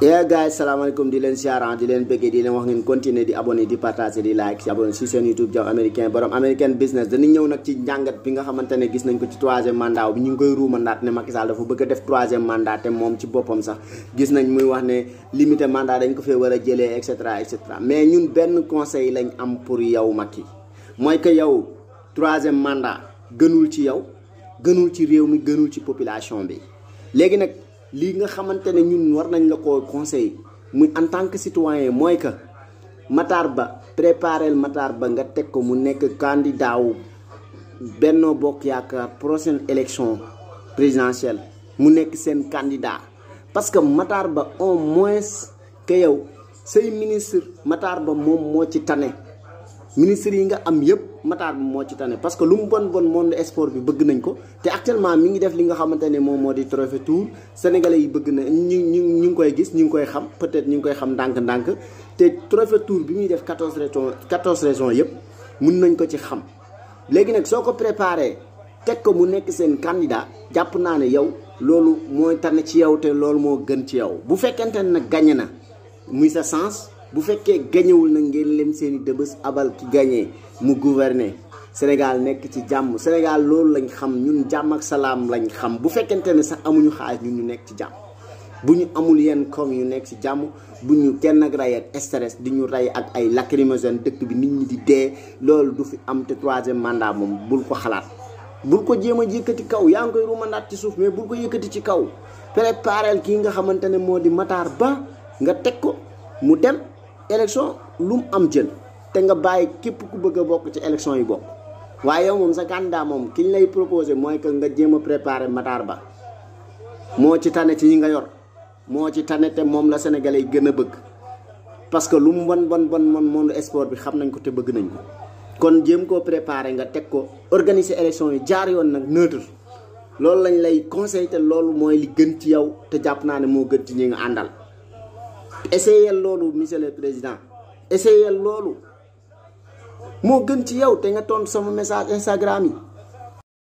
yee gars yi salaamaaleykum di leen siyaaraan di leen bëggee di leen wax ngeen continuer di abonné di partager di like si abonné si seen YouTube Diaw américain borom américain business dañu ñëw nag ci njàngat bi nga xamante ne gis nañ ko ci troisième mandat bi ñu ngi koy ruumandaat ne Macky Sall dafa bëgg a def troisième mandat te moom ci boppam sax gis nañ muy wax ne limité mandat dañ ko fee war a jëlee et cetera et cetera mais ñun benn conseil lañ am pour yow Macky mooy que yow troisième mandat gënul ci yow gënul ci réew mi gënul ci population bi léegi nag. lii nga xamante ne ñun war nañ la ko conseil muy en tant que citoyen mooy que Matar Ba préparel Matar Ba nga teg ko mu nekk candidat wu Benno Bokk Yaakaar prochaine élection présidentielle mu nekk seen candidat parce que Matar Ba au moins que yow say ministre Matar Ba moom moo ci tane ministre yi nga am yëpp mataar bi moo ci tane parce que lu mu bon bon monde sport bi bëgg nañ ko te actuellement mi ngi def li nga xamante ne moom moo di trophée tour sénégalais yi bëgg na ñu ñu ñu ngi koy gis ñu ngi koy xam peut-être ñu ngi koy xam ndànk-ndànk te trophée tour bi muy def 14 régions 14 régions yëpp mun nañ ko ci xam léegi nag soo ko préparé teg ko mu nekk seen candidat jàpp naa ne yow loolu mooy tane ci yow te loolu moo gën ci yow bu fekkente ne nag gagné na muy sa bu fekke gañewul na ngeen lem seeni debeus abal ki gagné mu gouverner Sénégal nek ci jamm Sénégal lool lañ xam ñun jamm ak salam lañ xam bu fekkente ne sax amuñu xaalis ñun ñu nekk ci jamm buñu amul yeen kom yu nekk ci jamm buñu kenn ak ray ak stress diñu ray ak ay lacrimogène dekk bi nit ñi di dé lool du fi am te troisième mandat mom bul ko xalaat bul ko jema jëkëti kaw ya ngoy ru mandat ci suuf mais bul ko yëkëti ci kaw préparel ki nga xamantene modi matar ba nga tek ko mu dem élection lu mu am jël te nga bàyyi képp ku bëgg a bokk ci élection yi bokk waaye yow moom sa candidat moom ki ñu lay proposé mooy que nga jéem a préparé Matar Ba moo ci tane ci nga yor moo ci tane te moom la Sénégalais gën a bëgg parce que lu mu bon bon bon mon monde sport bi xam nañ ko te bëgg nañ ko kon jéem koo préparé nga teg ko organiser élection yi jaar yoon nag neutre loolu lañ lay conseil te loolu mooy li gën ci yow te jàpp naa ne moo gën ci ñi nga àndal essayé loolu monsieur président essayé loolu moo gën ci yow te nga tontu sama message Instagram yi.